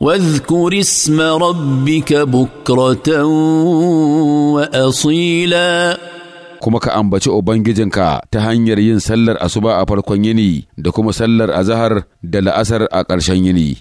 واذكر اسم ربك بكرة وأصيلا kuma ka ambaci Ubangijinka ta hanyar yin sallar asuba a farkon yini da kuma sallar azahar da la'asar a ƙarshen yini.